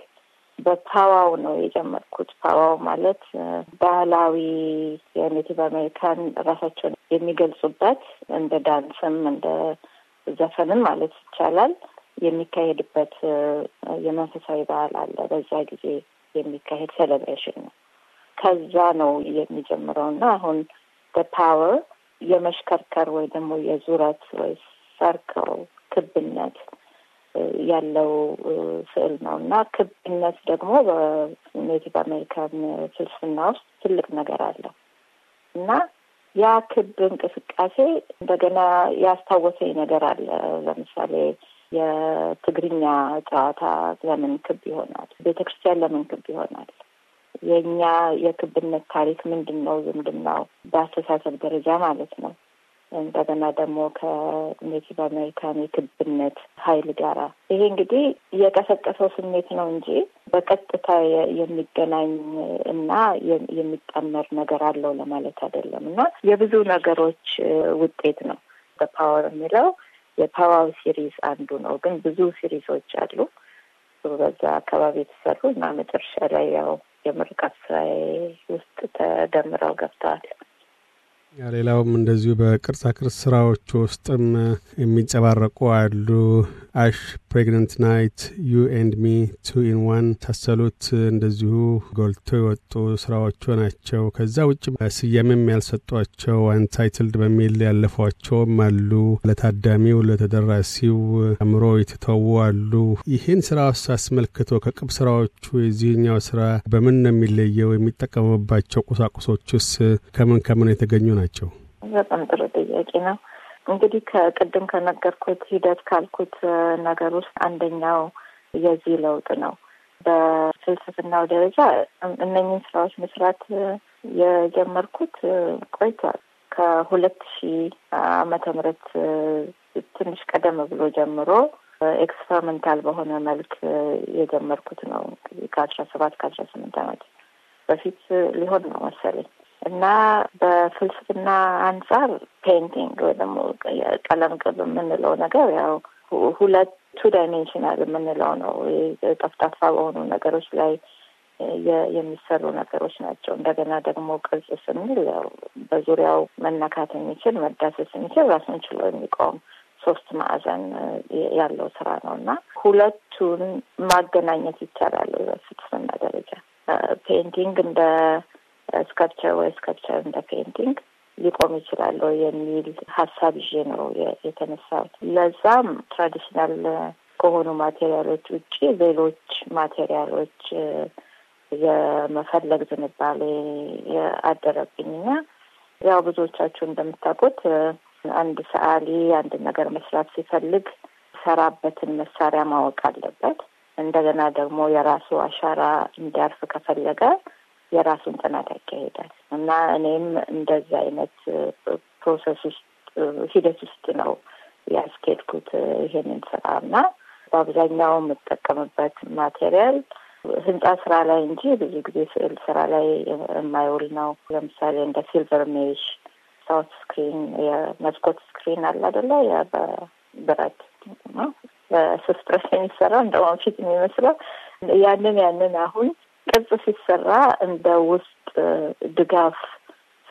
በፓዋው ነው የጀመርኩት። ፓዋው ማለት ባህላዊ የኔቲቭ አሜሪካን ራሳቸውን የሚገልጹበት እንደ ዳንስም እንደ ዘፈንም ማለት ይቻላል የሚካሄድበት የመንፈሳዊ ባህል አለ። በዛ ጊዜ የሚካሄድ ሴሌብሬሽን ነው። ከዛ ነው የሚጀምረው እና አሁን በፓወር የመሽከርከር ወይ ደግሞ የዙረት ወይ ሰርከው ክብነት ያለው ስዕል ነው እና ክብነት ደግሞ በኔቲቭ አሜሪካን ፍልስፍና ውስጥ ትልቅ ነገር አለው እና ያ ክብ እንቅስቃሴ እንደገና ያስታወሰኝ ነገር አለ። ለምሳሌ የትግርኛ ጨዋታ ለምን ክብ ይሆናል? ቤተክርስቲያን ለምን ክብ ይሆናል? የእኛ የክብነት ታሪክ ምንድን ነው? ዝምድናው በአስተሳሰብ ደረጃ ማለት ነው። እንደገና ደግሞ ከኔቲቭ አሜሪካን የክብነት ኃይል ጋራ ይሄ እንግዲህ የቀሰቀሰው ስሜት ነው እንጂ በቀጥታ የሚገናኝ እና የሚጠመር ነገር አለው ለማለት አይደለም እና የብዙ ነገሮች ውጤት ነው። በፓወር የሚለው የፓወር ሲሪዝ አንዱ ነው፣ ግን ብዙ ሲሪዞች አሉ በዛ አካባቢ የተሰሩ እና መጨረሻ ላይ ያው የምርቃት ስራዬ ውስጥ ተደምረው ገብተዋል። ሌላውም እንደዚሁ በቅርጻቅርጽ ስራዎች ውስጥም የሚንጸባረቁ አሉ። አሽ ፕሬግነንት ናይት፣ ዩ ኤንድ ሚ፣ ቱ ኢን ዋን ታሰሉት እንደዚሁ ጎልቶ የወጡ ስራዎቹ ናቸው። ከዛ ውጭ ስያሜም ያልሰጧቸው አንታይትልድ በሚል ያለፏቸውም አሉ። ለታዳሚው ለተደራሲው አእምሮ የተተዉ አሉ። ይህን ስራ አስመልክቶ ከቅብ ስራዎቹ የዚህኛው ስራ በምን ነው የሚለየው? የሚጠቀምባቸው ቁሳቁሶችስ ከምን ከምን የተገኙ ናቸው? በጣም ጥሩ ጥያቄ ነው። እንግዲህ ከቅድም ከነገርኩት ሂደት ካልኩት ነገር ውስጥ አንደኛው የዚህ ለውጥ ነው። በፍልስፍናው ደረጃ እነኝን ስራዎች መስራት የጀመርኩት ቆይቷል። ከሁለት ሺህ ዓመተ ምህረት ትንሽ ቀደም ብሎ ጀምሮ ኤክስፐሪመንታል በሆነ መልክ የጀመርኩት ነው። ከአስራ ሰባት ከአስራ ስምንት ዓመት በፊት ሊሆን ነው መሰለኝ እና በፍልስፍና አንጻር ፔይንቲንግ ወይ ደግሞ ቀለም ቅብ የምንለው ነገር ያው ሁለት ቱ ዳይሜንሽናል የምንለው ነው። ጠፍጣፋ በሆኑ ነገሮች ላይ የሚሰሩ ነገሮች ናቸው። እንደገና ደግሞ ቅርጽ ስንል ያው በዙሪያው መነካት የሚችል መዳሰስ የሚችል ራሱን ችሎ የሚቆም ሶስት ማዕዘን ያለው ስራ ነው እና ሁለቱን ማገናኘት ይቻላል በፍልስፍና ደረጃ ፔንቲንግ እንደ ስከፕቸር ወይ ስከፕቸር እንደ ፔንቲንግ ሊቆም ይችላል የሚል ሀሳብ ይዤ ነው የተነሳሁት። ለዛም ትራዲሽናል ከሆኑ ማቴሪያሎች ውጪ ሌሎች ማቴሪያሎች የመፈለግ ዝንባሌ አደረብኝና ያው ብዙዎቻችሁ እንደምታውቁት አንድ ሰዓሊ አንድ ነገር መስራት ሲፈልግ ሰራበትን መሳሪያ ማወቅ አለበት። እንደገና ደግሞ የራሱ አሻራ እንዲያርፍ ከፈለገ የራሱን ጥናት ያካሄዳል እና እኔም እንደዛ አይነት ፕሮሰስ ውስጥ ሂደት ውስጥ ነው ያስኬድኩት ይሄንን ስራ እና በአብዛኛው የምጠቀምበት ማቴሪያል ህንጻ ስራ ላይ እንጂ ብዙ ጊዜ ስዕል ስራ ላይ የማይውል ነው። ለምሳሌ እንደ ሲልቨር ሜሽ፣ ሳውት ስክሪን፣ የመስኮት ስክሪን አለ አደለ? በብረት ነው በሶስት ብረት የሚሰራው እንደ ወንፊት የሚመስለው ያንን ያንን አሁን ቅርጽ ሲሰራ እንደ ውስጥ ድጋፍ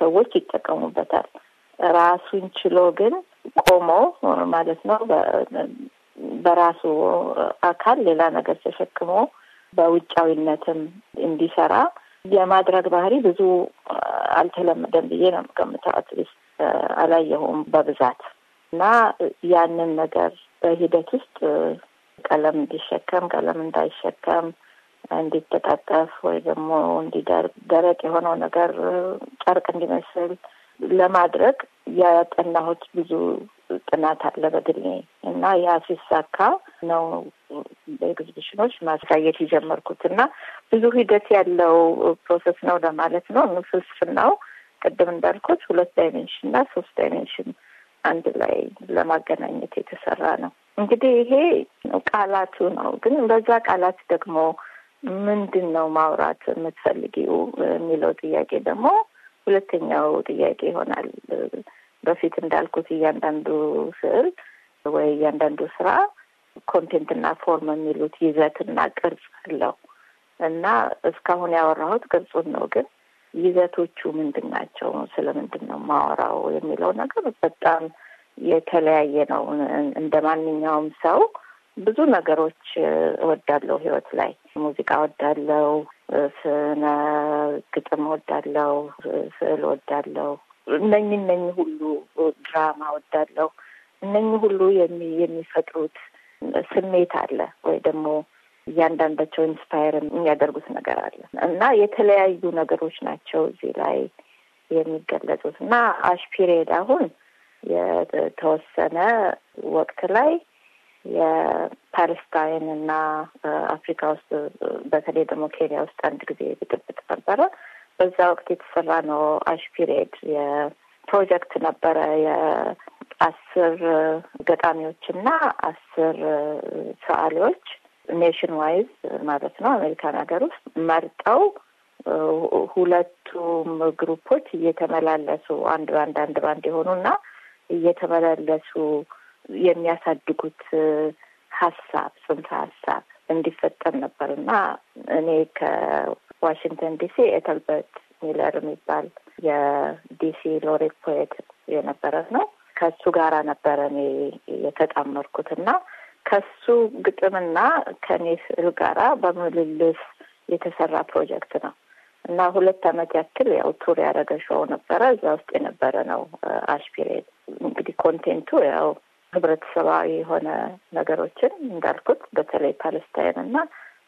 ሰዎች ይጠቀሙበታል። ራሱን ችሎ ግን ቆሞ ማለት ነው በራሱ አካል ሌላ ነገር ተሸክሞ በውጫዊነትም እንዲሰራ የማድረግ ባህሪ ብዙ አልተለመደም ብዬ ነው የምገምተው። አትሊስት አላየሁም በብዛት እና ያንን ነገር በሂደት ውስጥ ቀለም እንዲሸከም ቀለም እንዳይሸከም እንዲተጣጠፍ ወይ ደግሞ እንዲደረቅ የሆነው ነገር ጨርቅ እንዲመስል ለማድረግ ያጠናሁት ብዙ ጥናት አለ በግሌ እና ያ ሲሳካ ነው ኤግዚቢሽኖች ማሳየት የጀመርኩት እና ብዙ ሂደት ያለው ፕሮሰስ ነው ለማለት ነው። ንፍስፍናው ቅድም እንዳልኩት ሁለት ዳይሜንሽን እና ሶስት ዳይሜንሽን አንድ ላይ ለማገናኘት የተሰራ ነው። እንግዲህ ይሄ ቃላቱ ነው። ግን በዛ ቃላት ደግሞ ምንድን ነው ማውራት የምትፈልጊው የሚለው ጥያቄ ደግሞ ሁለተኛው ጥያቄ ይሆናል። በፊት እንዳልኩት እያንዳንዱ ስዕል ወይ እያንዳንዱ ስራ እና ፎርም የሚሉት እና ቅርጽ አለው እና እስካሁን ያወራሁት ቅርጹን ነው። ግን ይዘቶቹ ምንድን ናቸው? ስለምንድን ነው ማወራው የሚለው ነገር በጣም የተለያየ ነው። እንደ ማንኛውም ሰው ብዙ ነገሮች እወዳለሁ ህይወት ላይ ሙዚቃ እወዳለሁ፣ ስነ ግጥም እወዳለሁ፣ ስዕል እወዳለሁ። እነኝ እነኝ ሁሉ ድራማ እወዳለሁ። እነኝ ሁሉ የሚፈጥሩት ስሜት አለ ወይ ደግሞ እያንዳንዳቸው ኢንስፓየር የሚያደርጉት ነገር አለ እና የተለያዩ ነገሮች ናቸው እዚህ ላይ የሚገለጹት እና አሽፒሬድ አሁን የተወሰነ ወቅት ላይ የፓለስታይን እና አፍሪካ ውስጥ በተለይ ደግሞ ኬንያ ውስጥ አንድ ጊዜ ብጥብጥ ነበረ። በዛ ወቅት የተሰራ ነው አሽፒሬድ የፕሮጀክት ነበረ የአስር ገጣሚዎች እና አስር ሰዓሊዎች ኔሽን ዋይዝ ማለት ነው አሜሪካን ሀገር ውስጥ መርጠው ሁለቱም ግሩፖች እየተመላለሱ አንድ ባንድ አንድ ባንድ የሆኑና እየተመላለሱ የሚያሳድጉት ሀሳብ ጽንሰ ሀሳብ እንዲፈጠር ነበር እና እኔ ከዋሽንግተን ዲሲ ኤተልበርት ሚለር የሚባል የዲሲ ሎሬት ፖኤት የነበረ ነው። ከሱ ጋራ ነበረ እኔ የተጣመርኩት እና ከሱ ግጥምና ከኔ ስዕል ጋራ በምልልስ የተሰራ ፕሮጀክት ነው እና ሁለት አመት ያክል ያው ቱር ያደረገ ሾው ነበረ። እዛ ውስጥ የነበረ ነው አሽፒሬት። እንግዲህ ኮንቴንቱ ያው ህብረተሰባዊ የሆነ ነገሮችን እንዳልኩት በተለይ ፓለስታይን እና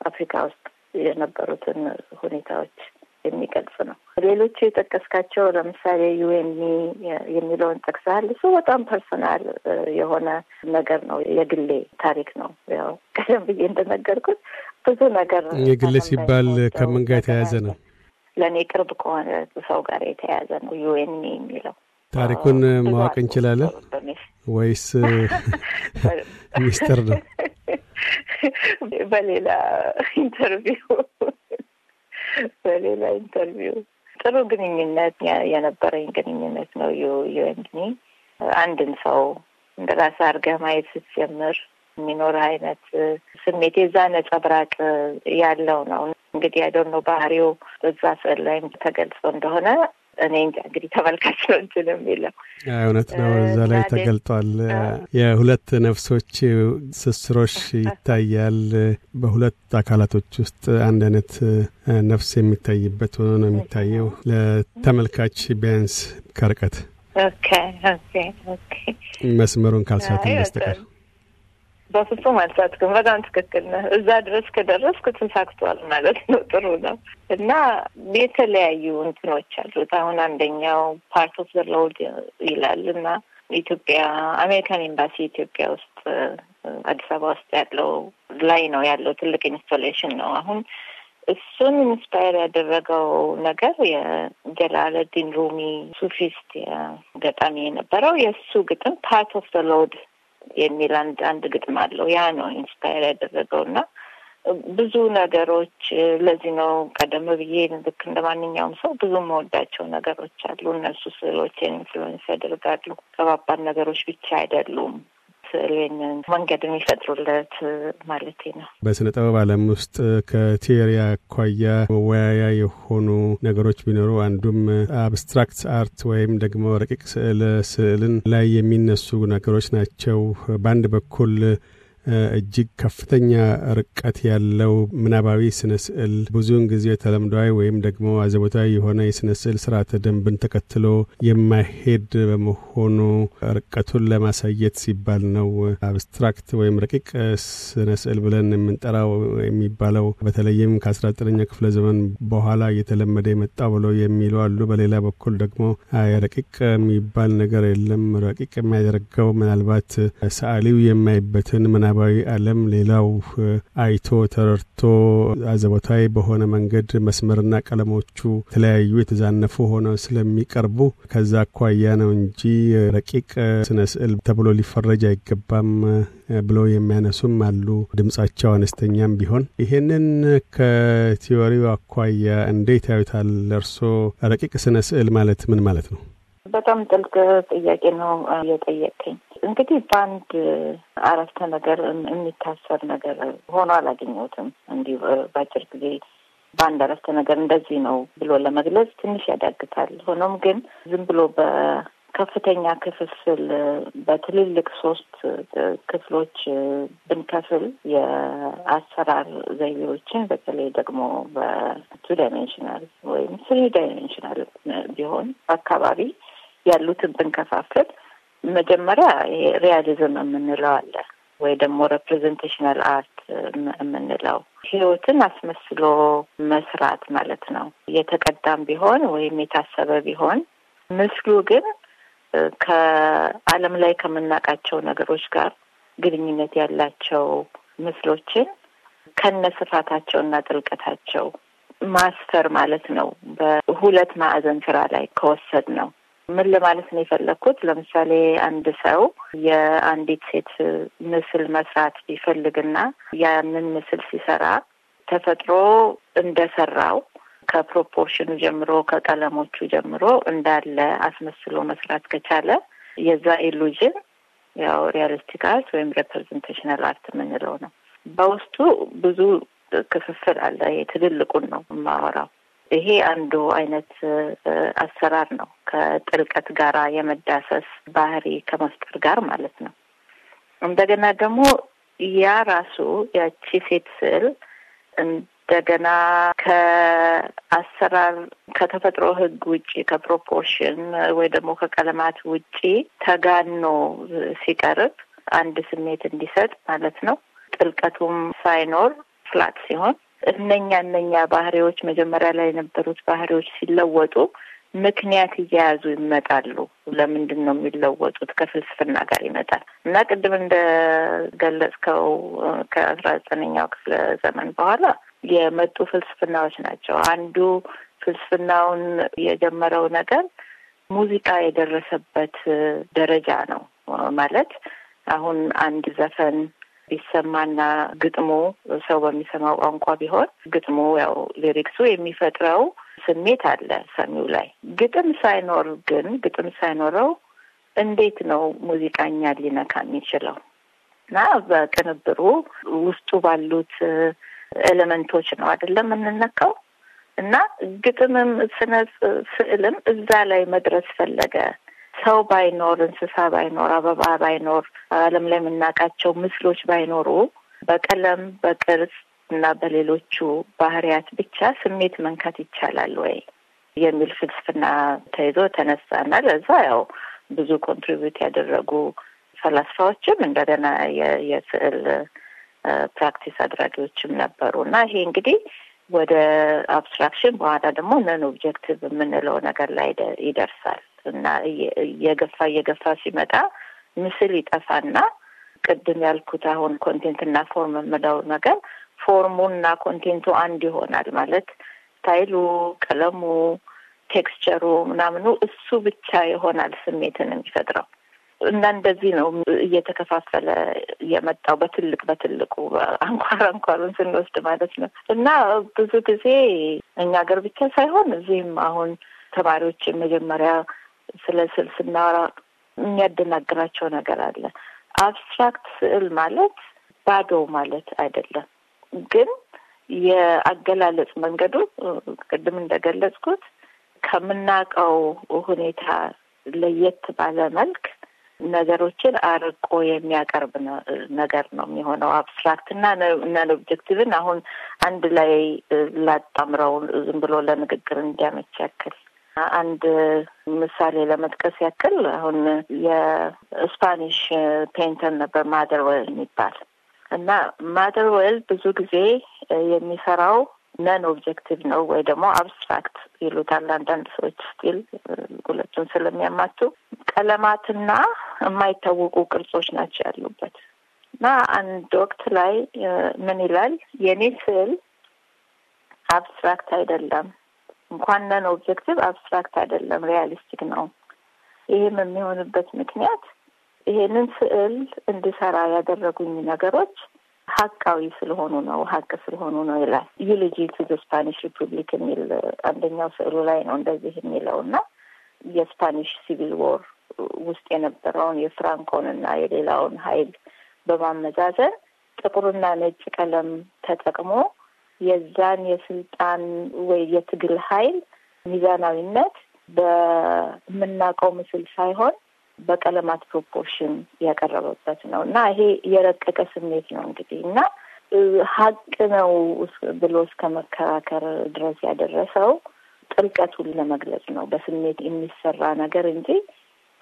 አፍሪካ ውስጥ የነበሩትን ሁኔታዎች የሚገልጽ ነው። ሌሎቹ የጠቀስካቸው ለምሳሌ ዩኤንሚ የሚለውን ጠቅሰሃል። እሱ በጣም ፐርሶናል የሆነ ነገር ነው፣ የግሌ ታሪክ ነው። ያው ቀደም ብዬ እንደነገርኩት ብዙ ነገር የግሌ ሲባል ከምን ጋር የተያያዘ ነው? ለእኔ ቅርብ ከሆነ ሰው ጋር የተያያዘ ነው። ዩኤንሚ የሚለው ታሪኩን ማወቅ እንችላለን። ወይስ ሚስጥር ነው? በሌላ ኢንተርቪው በሌላ ኢንተርቪው ጥሩ ግንኙነት የነበረኝ ግንኙነት ነው። ዩኤንዲ አንድን ሰው እንደ ራስ አድርገህ ማየት ስትጀምር የሚኖር አይነት ስሜት የዛ ነጸብራቅ ያለው ነው። እንግዲህ ያደው ነው ባህሪው በዛ ስዕል ላይም ተገልጾ እንደሆነ እኔ እንግዲህ ተመልካች ነው እንትን የሚለው እውነት ነው። እዛ ላይ ተገልጧል። የሁለት ነፍሶች ስስሮች ይታያል። በሁለት አካላቶች ውስጥ አንድ አይነት ነፍስ የሚታይበት ሆኖ ነው የሚታየው ለተመልካች ቢያንስ ከርቀት መስመሩን ካልሳትን በስተቀር በፍጹም አልሳትክም። በጣም ትክክል ነህ። እዛ ድረስ ከደረስኩ ተሳክቷል ማለት ነው። ጥሩ ነው እና የተለያዩ እንትኖች አሉት። አሁን አንደኛው ፓርት ኦፍ ዘ ይላል እና ኢትዮጵያ አሜሪካን ኤምባሲ ኢትዮጵያ ውስጥ አዲስ አበባ ውስጥ ያለው ላይ ነው ያለው ትልቅ ኢንስቶሌሽን ነው። አሁን እሱን ኢንስፓየር ያደረገው ነገር የጀላለዲን ሩሚ ሱፊስት ገጣሚ የነበረው የእሱ ግጥም ፓርት ኦፍ ዘ ሎድ የሚል አንድ አንድ ግጥም አለው። ያ ነው ኢንስፓየር ያደረገው እና ብዙ ነገሮች ለዚህ ነው ቀደም ብዬ ልክ እንደ ማንኛውም ሰው ብዙ መወዳቸው ነገሮች አሉ። እነሱ ስዕሎቼን ኢንፍሉዌንስ ያደርጋሉ። ከባባድ ነገሮች ብቻ አይደሉም። ስዕል መንገድ የሚፈጥሩለት ማለት ነው። በስነ ጥበብ ዓለም ውስጥ ከቴሪ አኳያ መወያያ የሆኑ ነገሮች ቢኖሩ አንዱም አብስትራክት አርት ወይም ደግሞ ረቂቅ ስዕል ስዕልን ላይ የሚነሱ ነገሮች ናቸው። በአንድ በኩል እጅግ ከፍተኛ ርቀት ያለው ምናባዊ ስነ ስዕል ብዙውን ጊዜ ተለምዷዊ ወይም ደግሞ አዘቦታዊ የሆነ የስነ ስዕል ስርዓተ ደንብን ተከትሎ የማይሄድ በመሆኑ ርቀቱን ለማሳየት ሲባል ነው። አብስትራክት ወይም ረቂቅ ስነ ስዕል ብለን የምንጠራው የሚባለው በተለይም ከ19ኛ ክፍለ ዘመን በኋላ እየተለመደ የመጣ ብሎ የሚሉ አሉ። በሌላ በኩል ደግሞ ረቂቅ የሚባል ነገር የለም። ረቂቅ የሚያደርገው ምናልባት ሰአሊው የማይበትን ምናባ ምዕራባዊ ዓለም ሌላው አይቶ ተረድቶ አዘቦታዊ በሆነ መንገድ መስመርና ቀለሞቹ የተለያዩ የተዛነፉ ሆነው ስለሚቀርቡ ከዛ አኳያ ነው እንጂ ረቂቅ ስነ ስዕል ተብሎ ሊፈረጅ አይገባም ብለው የሚያነሱም አሉ። ድምጻቸው አነስተኛም ቢሆን ይሄንን ከቲዎሪው አኳያ እንዴት ያዩታል እርሶ? ረቂቅ ስነ ስዕል ማለት ምን ማለት ነው? በጣም ጥልቅ ጥያቄ ነው የጠየቀኝ። እንግዲህ በአንድ አረፍተ ነገር የሚታሰር ነገር ሆኖ አላገኘሁትም። እንዲህ በአጭር ጊዜ በአንድ አረፍተ ነገር እንደዚህ ነው ብሎ ለመግለጽ ትንሽ ያዳግታል። ሆኖም ግን ዝም ብሎ በከፍተኛ ክፍፍል በትልልቅ ሶስት ክፍሎች ብንከፍል የአሰራር ዘይቤዎችን በተለይ ደግሞ በቱ ዳይሜንሽናል ወይም ስሪ ዳይሜንሽናል ቢሆን አካባቢ ያሉትን ብንከፋፍል መጀመሪያ ሪያሊዝም የምንለው አለ ወይ ደግሞ ሬፕሬዘንቴሽናል አርት የምንለው ህይወትን አስመስሎ መስራት ማለት ነው። የተቀዳም ቢሆን ወይም የታሰበ ቢሆን ምስሉ ግን ከዓለም ላይ ከምናውቃቸው ነገሮች ጋር ግንኙነት ያላቸው ምስሎችን ከነ ስፋታቸው እና ጥልቀታቸው ማስፈር ማለት ነው። በሁለት ማዕዘን ስራ ላይ ከወሰድ ነው ምን ለማለት ነው የፈለግኩት፣ ለምሳሌ አንድ ሰው የአንዲት ሴት ምስል መስራት ቢፈልግና ያንን ምስል ሲሰራ ተፈጥሮ እንደሰራው ከፕሮፖርሽኑ ጀምሮ ከቀለሞቹ ጀምሮ እንዳለ አስመስሎ መስራት ከቻለ የዛ ኢሉዥን ያው ሪያሊስቲክ አርት ወይም ሬፕሬዘንቴሽናል አርት የምንለው ነው። በውስጡ ብዙ ክፍፍል አለ። ትልልቁን ነው የማወራው። ይሄ አንዱ አይነት አሰራር ነው። ከጥልቀት ጋር የመዳሰስ ባህሪ ከመፍጠር ጋር ማለት ነው። እንደገና ደግሞ ያ ራሱ ያቺ ሴት ስዕል እንደገና ከአሰራር ከተፈጥሮ ሕግ ውጪ ከፕሮፖርሽን ወይ ደግሞ ከቀለማት ውጪ ተጋኖ ሲቀርብ አንድ ስሜት እንዲሰጥ ማለት ነው። ጥልቀቱም ሳይኖር ፍላት ሲሆን እነኛ እነኛ ባህሪዎች መጀመሪያ ላይ የነበሩት ባህሪዎች ሲለወጡ ምክንያት እየያዙ ይመጣሉ። ለምንድን ነው የሚለወጡት? ከፍልስፍና ጋር ይመጣል እና ቅድም እንደገለጽከው ከአስራ ዘጠነኛው ክፍለ ዘመን በኋላ የመጡ ፍልስፍናዎች ናቸው። አንዱ ፍልስፍናውን የጀመረው ነገር ሙዚቃ የደረሰበት ደረጃ ነው ማለት አሁን አንድ ዘፈን ቢሰማና ግጥሙ ሰው በሚሰማው ቋንቋ ቢሆን ግጥሙ ያው ሊሪክሱ የሚፈጥረው ስሜት አለ ሰሚው ላይ። ግጥም ሳይኖር ግን ግጥም ሳይኖረው እንዴት ነው ሙዚቃኛ ሊነካ የሚችለው? እና በቅንብሩ ውስጡ ባሉት ኤሌመንቶች ነው አይደለም የምንነካው። እና ግጥምም ስነ ስዕልም እዛ ላይ መድረስ ፈለገ። ሰው ባይኖር፣ እንስሳ ባይኖር፣ አበባ ባይኖር፣ ዓለም ላይ የምናውቃቸው ምስሎች ባይኖሩ በቀለም በቅርጽ እና በሌሎቹ ባህሪያት ብቻ ስሜት መንካት ይቻላል ወይ የሚል ፍልስፍና ተይዞ ተነሳና ለዛ ያው ብዙ ኮንትሪቢዩት ያደረጉ ፈላስፋዎችም እንደገና የስዕል ፕራክቲስ አድራጊዎችም ነበሩ እና ይሄ እንግዲህ ወደ አብስትራክሽን በኋላ ደግሞ ነን ኦብጀክቲቭ የምንለው ነገር ላይ ይደርሳል እና እየገፋ እየገፋ ሲመጣ ምስል ይጠፋና ቅድም ያልኩት አሁን ኮንቴንትና ፎርም የምለው ነገር ፎርሙ እና ኮንቴንቱ አንድ ይሆናል ማለት ስታይሉ፣ ቀለሙ፣ ቴክስቸሩ ምናምኑ እሱ ብቻ ይሆናል ስሜትን የሚፈጥረው እና እንደዚህ ነው እየተከፋፈለ የመጣው በትልቅ በትልቁ አንኳር አንኳሩን ስንወስድ ማለት ነው። እና ብዙ ጊዜ እኛ ሀገር ብቻ ሳይሆን እዚህም አሁን ተማሪዎች መጀመሪያ ስለ ስዕል ስናወራ የሚያደናግራቸው ነገር አለ። አብስትራክት ስዕል ማለት ባዶ ማለት አይደለም። ግን የአገላለጽ መንገዱ ቅድም እንደገለጽኩት ከምናውቀው ሁኔታ ለየት ባለ መልክ ነገሮችን አርቆ የሚያቀርብ ነገር ነው የሚሆነው። አብስትራክት እና ነን ኦብጀክቲቭን አሁን አንድ ላይ ላጣምረው ዝም ብሎ ለንግግር እንዲያመች ያክል አንድ ምሳሌ ለመጥቀስ ያክል አሁን የስፓኒሽ ፔንተር ነበር ማደር የሚባል እና ማደር ወል ብዙ ጊዜ የሚሰራው ነን ኦብጀክቲቭ ነው ወይ ደግሞ አብስትራክት ይሉታል አንዳንድ ሰዎች ስቲል ሁለቱን ስለሚያማቱ ቀለማትና የማይታወቁ ቅርጾች ናቸው ያሉበት እና አንድ ወቅት ላይ ምን ይላል የኔ ስዕል አብስትራክት አይደለም እንኳን ነን ኦብጀክቲቭ አብስትራክት አይደለም ሪያሊስቲክ ነው ይህም የሚሆንበት ምክንያት ይሄንን ስዕል እንድሰራ ያደረጉኝ ነገሮች ሀቃዊ ስለሆኑ ነው፣ ሀቅ ስለሆኑ ነው ይላል። ዩሎጂ ቱ ዘ ስፓኒሽ ሪፑብሊክ የሚል አንደኛው ስዕሉ ላይ ነው እንደዚህ የሚለው እና የስፓኒሽ ሲቪል ዎር ውስጥ የነበረውን የፍራንኮን እና የሌላውን ኃይል በማመዛዘን ጥቁርና ነጭ ቀለም ተጠቅሞ የዛን የስልጣን ወይ የትግል ኃይል ሚዛናዊነት በምናውቀው ምስል ሳይሆን በቀለማት ፕሮፖርሽን ያቀረበበት ነው እና ይሄ የረቀቀ ስሜት ነው እንግዲህ እና ሀቅ ነው ብሎ እስከ መከራከር ድረስ ያደረሰው ጥልቀቱን ለመግለጽ ነው። በስሜት የሚሰራ ነገር እንጂ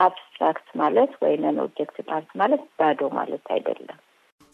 አብስትራክት ማለት ወይም ኦብጀክት ፓርት ማለት ባዶ ማለት አይደለም።